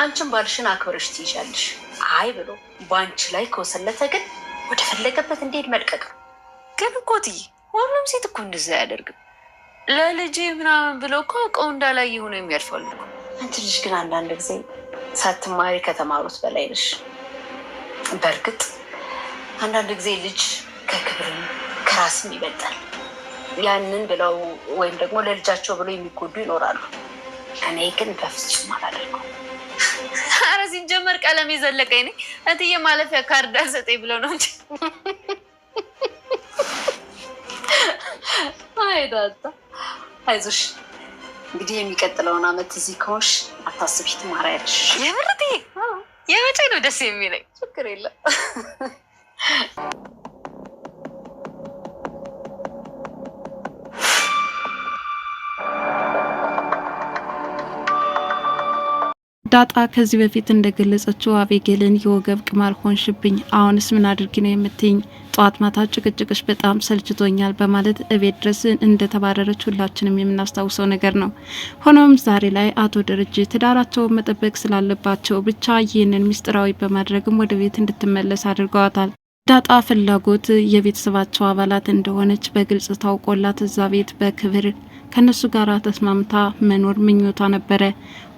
አንቺን ባልሽን አክብረሽ ትይዣለሽ። አይ ብሎ በአንቺ ላይ ከወሰለተ ግን ወደ ፈለገበት እንዴት መልቀቅ ነው? ግን እኮ እትዬ ሁሉም ሴት እኮ እንደዛ አያደርግም። ለልጅ ምናምን ብለው እኮ አውቀው እንዳላይ ሆኖ የሚያልፋሉ። አንቺ ልጅ ግን አንዳንድ ጊዜ ሳትማሪ ከተማሩት በላይ ነሽ። በእርግጥ አንዳንድ ጊዜ ልጅ ከክብርም ከራስም ይበልጣል። ያንን ብለው ወይም ደግሞ ለልጃቸው ብለው የሚጎዱ ይኖራሉ። እኔ ግን በፍጹም አላደርገው ሲጀመር ቀለም የዘለቀኝ ነኝ። እትዬ ማለፊያ ካርድ አልሰጠኝ ብሎ ነው እንጂ አይዳታ አይዞሽ። እንግዲህ የሚቀጥለውን አመት እዚህ ከሆንሽ አታስቢ ትማሪያለሽ። የምር እትዬ የመቼ ነው ደስ የሚለኝ? ችግር የለም። ዳጣ ከዚህ በፊት እንደገለጸችው አቤጌልን የወገብ ቅማል ሆንሽብኝ፣ አሁንስ ምን አድርጊ ነው የምትኝ? ጠዋት ማታ ጭቅጭቅሽ በጣም ሰልችቶኛል በማለት እቤት ድረስ እንደተባረረች ሁላችንም የምናስታውሰው ነገር ነው። ሆኖም ዛሬ ላይ አቶ ደረጀ ትዳራቸውን መጠበቅ ስላለባቸው ብቻ ይህንን ምስጢራዊ በማድረግም ወደ ቤት እንድትመለስ አድርገዋታል። ዳጣ ፍላጎት የቤተሰባቸው አባላት እንደሆነች በግልጽ ታውቆላት እዛ ቤት በክብር ከነሱ ጋር ተስማምታ መኖር ምኞቷ ነበረ።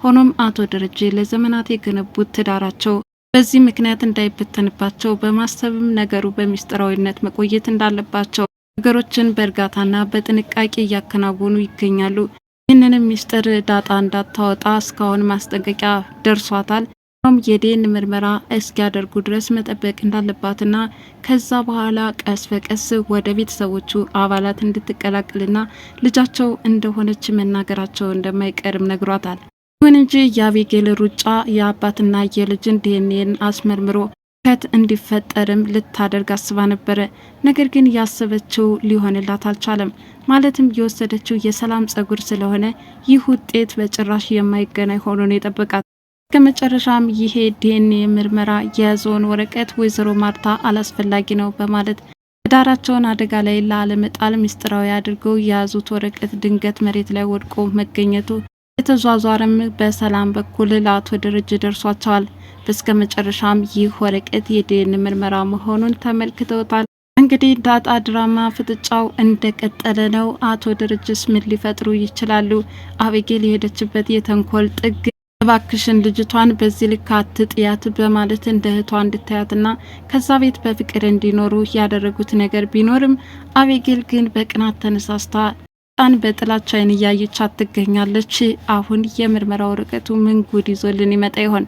ሆኖም አቶ ደረጀ ለዘመናት የገነቡት ትዳራቸው በዚህ ምክንያት እንዳይበተንባቸው በማሰብም ነገሩ በሚስጥራዊነት መቆየት እንዳለባቸው ነገሮችን በእርጋታና በጥንቃቄ እያከናወኑ ይገኛሉ። ይህንንም ሚስጥር ዳጣ እንዳታወጣ እስካሁን ማስጠንቀቂያ ደርሷታል። ም የዴን ምርመራ እስኪያደርጉ ድረስ መጠበቅ እንዳለባትና ከዛ በኋላ ቀስ በቀስ ወደ ቤተሰቦቹ አባላት እንድትቀላቅልና ልጃቸው እንደሆነች መናገራቸው እንደማይቀርም ነግሯታል። ይሁን እንጂ የአቤጌል ሩጫ የአባትና የልጅን ዲኤንኤን አስመርምሮ ከት እንዲፈጠርም ልታደርግ አስባ ነበረ። ነገር ግን ያሰበችው ሊሆንላት አልቻለም። ማለትም የወሰደችው የሰላም ጸጉር ስለሆነ ይህ ውጤት በጭራሽ የማይገናኝ ሆኖ ነው የጠበቃት። መጨረሻም ይሄ ዲኤንኤ ምርመራ የያዘውን ወረቀት ወይዘሮ ማርታ አላስፈላጊ ነው በማለት ዳራቸውን አደጋ ላይ ላለመጣል ሚስጥራዊ አድርገው የያዙት ወረቀት ድንገት መሬት ላይ ወድቆ መገኘቱ የተዟዟረም በሰላም በኩል ለአቶ ደረጀ ደርሷቸዋል። በስከ መጨረሻም ይህ ወረቀት የዲኤን ምርመራ መሆኑን ተመልክተውታል። እንግዲህ ዳጣ ድራማ ፍጥጫው እንደቀጠለ ነው። አቶ ደረጀስ ምን ሊፈጥሩ ይችላሉ? አቤጌል የሄደችበት የተንኮል ጥግ እባክሽን ልጅቷን በዚህ ልክ አትጥያት በማለት እንደ እህቷ እንድታያትና ከዛ ቤት በፍቅር እንዲኖሩ ያደረጉት ነገር ቢኖርም አቤጌል ግን በቅናት ተነሳስታ ጣን በጥላቻ ዓይን እያየች ትገኛለች። አሁን የምርመራ ወረቀቱ ምን ጉድ ይዞልን ይመጣ ይሆን?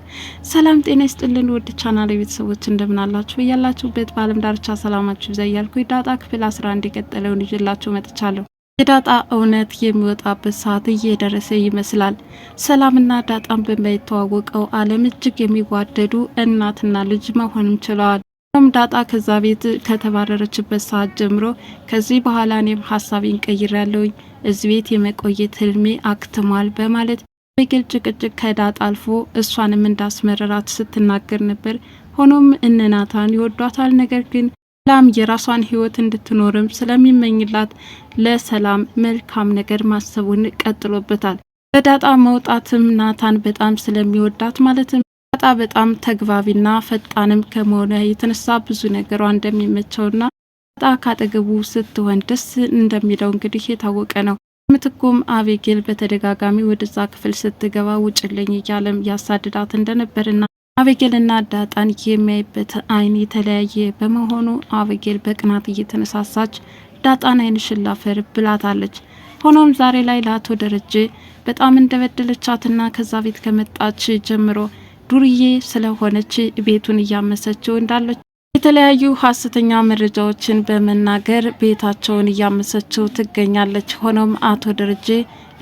ሰላም ጤና ይስጥልን ውድ ቻናል ቤተሰቦች አላችሁ? እያላችሁበት በአለም ዳርቻ ሰላማችሁ ይብዛ እያልኩ ዳጣ ክፍል አስራ አንድ የቀጠለውን ይዤላችሁ መጥቻለሁ። የዳጣ እውነት የሚወጣበት ሰዓት እየደረሰ ይመስላል። ሰላምና ዳጣን በማይተዋወቀው ዓለም እጅግ የሚዋደዱ እናትና ልጅ መሆንም ችለዋል። ም ዳጣ ከዛ ቤት ከተባረረችበት ሰዓት ጀምሮ ከዚህ በኋላ እኔም ሀሳቤን ቀይሬያለሁኝ፣ እዚህ ቤት የመቆየት ህልሜ አክትሟል በማለት በግል ጭቅጭቅ ከዳጣ አልፎ እሷንም እንዳስመረራት ስትናገር ነበር። ሆኖም እነ ይወዷታል፣ ነገር ግን ሰላም የራሷን ህይወት እንድትኖርም ስለሚመኝላት ለሰላም መልካም ነገር ማሰቡን ቀጥሎበታል። በዳጣ መውጣትም ናታን በጣም ስለሚወዳት ማለትም ዳጣ በጣም ተግባቢና ፈጣንም ከመሆኗ የተነሳ ብዙ ነገሯ እንደሚመቸውና ዳጣ ካጠገቡ ስትሆን ደስ እንደሚለው እንግዲህ የታወቀ ነው። ምትኩም አቤጌል በተደጋጋሚ ወደዛ ክፍል ስትገባ ውጭልኝ እያለም ያሳድዳት እንደነበርና አበጌልና ዳጣን የሚያይበት አይን የተለያየ በመሆኑ አበጌል በቅናት እየተነሳሳች ዳጣን አይን ሽላፈር ብላታለች። ሆኖም ዛሬ ላይ ለአቶ ደረጀ በጣም እንደበደለቻትና ከዛ ቤት ከመጣች ጀምሮ ዱርዬ ስለሆነች ቤቱን እያመሰችው እንዳለች የተለያዩ ሀሰተኛ መረጃዎችን በመናገር ቤታቸውን እያመሰችው ትገኛለች። ሆኖም አቶ ደረጀ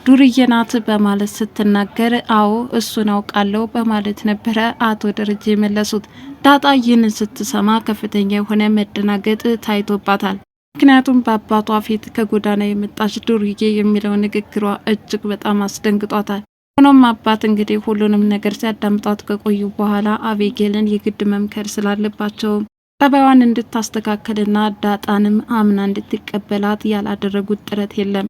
ዱርዬ ናት በማለት ስትናገር አዎ እሱን አውቃለሁ በማለት ነበረ አቶ ደረጀ የመለሱት። ዳጣ ይህንን ስትሰማ ከፍተኛ የሆነ መደናገጥ ታይቶባታል። ምክንያቱም በአባቷ ፊት ከጎዳና የመጣች ዱርዬ የሚለው ንግግሯ እጅግ በጣም አስደንግጧታል። ሆኖም አባት እንግዲህ ሁሉንም ነገር ሲያዳምጧት ከቆዩ በኋላ አቤጌልን የግድ መምከር ስላለባቸው ጠባይዋን እንድታስተካከልና ዳጣንም አምና እንድትቀበላት ያላደረጉት ጥረት የለም።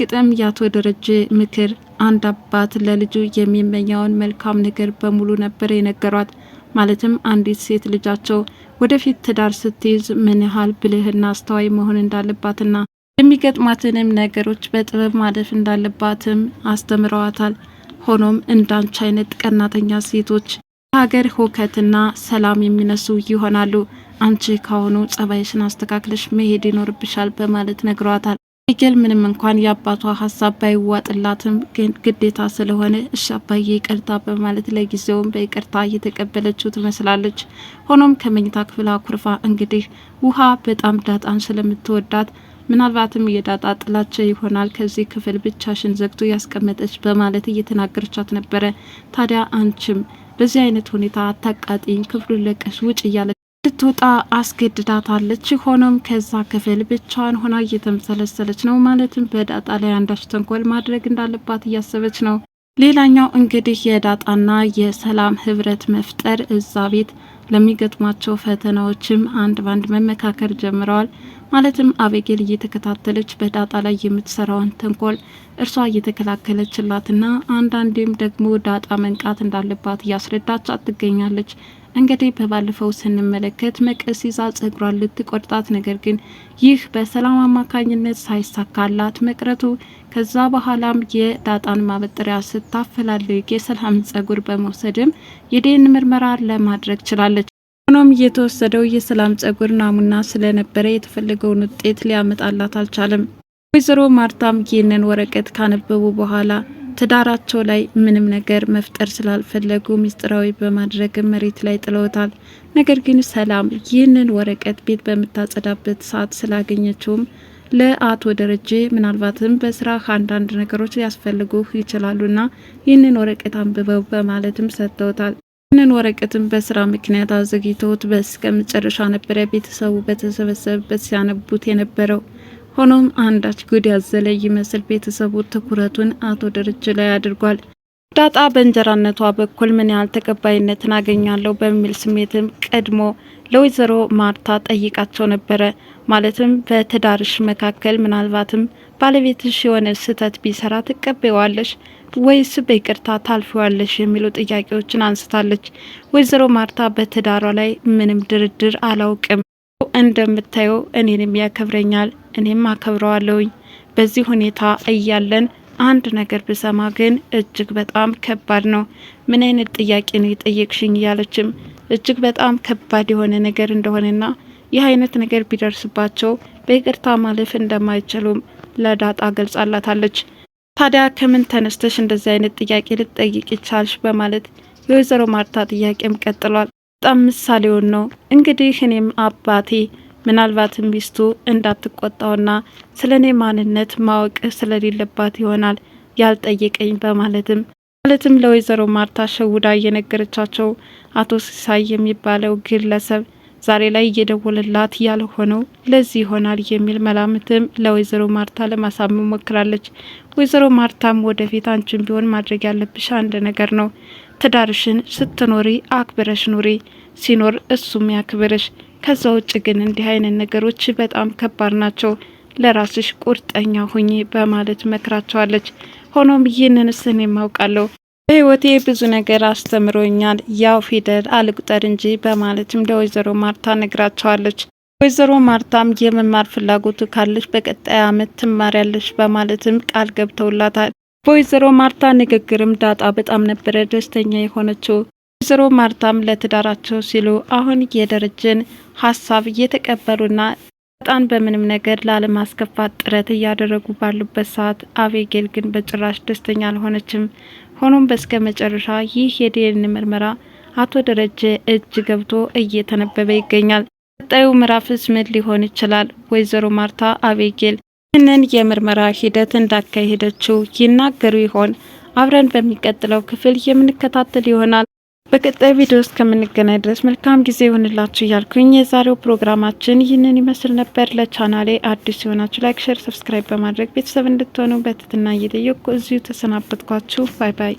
ግጥም የአቶ ደረጀ ምክር አንድ አባት ለልጁ የሚመኘውን መልካም ነገር በሙሉ ነበር የነገሯት። ማለትም አንዲት ሴት ልጃቸው ወደፊት ትዳር ስትይዝ ምን ያህል ብልህና አስተዋይ መሆን እንዳለባትና የሚገጥማትንም ነገሮች በጥበብ ማለፍ እንዳለባትም አስተምረዋታል። ሆኖም እንዳንቺ አይነት ቀናተኛ ሴቶች ሀገር ሁከትና ሰላም የሚነሱ ይሆናሉ። አንቺ ካሁኑ ጸባይሽን አስተካክለሽ መሄድ ይኖርብሻል በማለት ነግሯታል። ሄጌል ምንም እንኳን የአባቷ ሀሳብ ባይዋጥላትም ግን ግዴታ ስለሆነ እሺ አባዬ ይቅርታ በማለት ለጊዜውም በይቅርታ እየተቀበለችው ትመስላለች። ሆኖም ከመኝታ ክፍል አኩርፋ እንግዲህ ውሃ በጣም ዳጣን ስለምትወዳት ምናልባትም የዳጣ ጥላቸው ይሆናል ከዚህ ክፍል ብቻሽን ዘግቶ ያስቀመጠች በማለት እየተናገረቻት ነበረ። ታዲያ አንቺም በዚህ አይነት ሁኔታ አታቃጢኝ፣ ክፍሉን ለቀሽ ውጭ እያለ ልትወጣ አስገድዳታለች። ሆኖም ከዛ ክፍል ብቻዋን ሆና እየተመሰለሰለች ነው። ማለትም በዳጣ ላይ አንዳች ተንኮል ማድረግ እንዳለባት እያሰበች ነው። ሌላኛው እንግዲህ የዳጣና የሰላም ህብረት መፍጠር እዛ ቤት ለሚገጥሟቸው ፈተናዎችም አንድ ባንድ መመካከር ጀምረዋል። ማለትም አቤጌል እየተከታተለች በዳጣ ላይ የምትሰራውን ተንኮል እርሷ እየተከላከለችላትና አንዳንዴም ደግሞ ዳጣ መንቃት እንዳለባት እያስረዳች አትገኛለች። እንግዲህ በባለፈው ስንመለከት መቀስ ይዛ ጸጉሯን ልትቆርጣት፣ ነገር ግን ይህ በሰላም አማካኝነት ሳይሳካላት መቅረቱ ከዛ በኋላም የዳጣን ማበጠሪያ ስታፈላልግ የሰላም ጸጉር በመውሰድም የዴን ምርመራ ለማድረግ ችላለች። ሆኖም የተወሰደው የሰላም ጸጉር ናሙና ስለነበረ የተፈለገውን ውጤት ሊያመጣላት አልቻለም። ወይዘሮ ማርታም ይህንን ወረቀት ካነበቡ በኋላ ትዳራቸው ላይ ምንም ነገር መፍጠር ስላልፈለጉ ሚስጥራዊ በማድረግ መሬት ላይ ጥለውታል። ነገር ግን ሰላም ይህንን ወረቀት ቤት በምታጸዳበት ሰዓት ስላገኘችውም ለአቶ ደረጀ ምናልባትም በስራ አንዳንድ ነገሮች ሊያስፈልጉ ይችላሉና ይህንን ወረቀት አንብበው በማለትም ሰጥተውታል። ይህንን ወረቀትም በስራ ምክንያት አዘግይተውት በስከ መጨረሻ ነበረ ቤተሰቡ በተሰበሰበበት ሲያነቡት የነበረው። ሆኖም አንዳች ጉድ ያዘለ ይመስል ቤተሰቡ ትኩረቱን አቶ ደረጀ ላይ አድርጓል። ዳጣ በእንጀራነቷ በኩል ምን ያህል ተቀባይነትን አገኛለሁ በሚል ስሜትም ቀድሞ ለወይዘሮ ማርታ ጠይቃቸው ነበረ። ማለትም በትዳርሽ መካከል ምናልባትም ባለቤትሽ የሆነ ስህተት ቢሰራ ትቀበዋለሽ ወይስ በይቅርታ ታልፈዋለሽ የሚሉ ጥያቄዎችን አንስታለች። ወይዘሮ ማርታ በትዳሯ ላይ ምንም ድርድር አላውቅም እንደምታየው እኔንም ያከብረኛል፣ እኔም አከብረዋለሁኝ። በዚህ ሁኔታ እያለን አንድ ነገር ብሰማ ግን እጅግ በጣም ከባድ ነው። ምን አይነት ጥያቄ ነው የጠየቅሽኝ? እያለችም እጅግ በጣም ከባድ የሆነ ነገር እንደሆነና ይህ አይነት ነገር ቢደርስባቸው በይቅርታ ማለፍ እንደማይችሉም ለዳጣ ገልጻላታለች። ታዲያ ከምን ተነስተሽ እንደዚህ አይነት ጥያቄ ልትጠይቅ ይቻልሽ? በማለት የወይዘሮ ማርታ ጥያቄም ቀጥሏል። በጣም ምሳሌውን ነው። እንግዲህ እኔም አባቴ ምናልባትም ሚስቱ እንዳትቆጣውና ስለ እኔ ማንነት ማወቅ ስለሌለባት ይሆናል ያልጠየቀኝ በማለትም ማለትም ለወይዘሮ ማርታ ሸውዳ እየነገረቻቸው አቶ ሲሳይ የሚባለው ግለሰብ ዛሬ ላይ እየደወለላት ያልሆነው ለዚህ ይሆናል የሚል መላምትም ለወይዘሮ ማርታ ለማሳመን ሞክራለች። ወይዘሮ ማርታም ወደፊት አንቺን ቢሆን ማድረግ ያለብሽ አንድ ነገር ነው ትዳርሽን ስትኖሪ አክብረሽ ኑሪ፣ ሲኖር እሱም ያክብርሽ። ከዛ ውጭ ግን እንዲህ አይነት ነገሮች በጣም ከባድ ናቸው፣ ለራስሽ ቁርጠኛ ሁኚ በማለት መክራቸዋለች። ሆኖም ይህንን ስን የማውቃለሁ በህይወቴ ብዙ ነገር አስተምሮኛል፣ ያው ፊደል አልቁጠር እንጂ በማለትም ለወይዘሮ ማርታ ነግራቸዋለች። ወይዘሮ ማርታም የመማር ፍላጎቱ ካለች በቀጣይ አመት ትማሪያለች በማለትም ቃል ገብተውላታል። በወይዘሮ ማርታ ንግግርም ዳጣ በጣም ነበረ ደስተኛ የሆነችው። ወይዘሮ ማርታም ለትዳራቸው ሲሉ አሁን የደረጀን ሀሳብ እየተቀበሉና በጣም በምንም ነገር ላለማስከፋት ጥረት እያደረጉ ባሉበት ሰዓት አቤጌል ግን በጭራሽ ደስተኛ አልሆነችም። ሆኖም በስከ መጨረሻ ይህ የዲኤንኤ ምርመራ አቶ ደረጀ እጅ ገብቶ እየተነበበ ይገኛል። ቀጣዩ ምዕራፍስ ምን ሊሆን ይችላል? ወይዘሮ ማርታ አቤጌል ይህንን የምርመራ ሂደት እንዳካሄደችው ይናገሩ ይሆን? አብረን በሚቀጥለው ክፍል የምንከታተል ይሆናል። በቀጣይ ቪዲዮ ውስጥ ከምንገናኝ ድረስ መልካም ጊዜ ይሆንላችሁ እያልኩኝ የዛሬው ፕሮግራማችን ይህንን ይመስል ነበር። ለቻናሌ አዲስ የሆናችሁ ላይክ፣ ሸር፣ ሰብስክራይብ በማድረግ ቤተሰብ እንድትሆኑ በትህትና እየጠየቅኩ እዚሁ ተሰናበትኳችሁ። ባይ ባይ።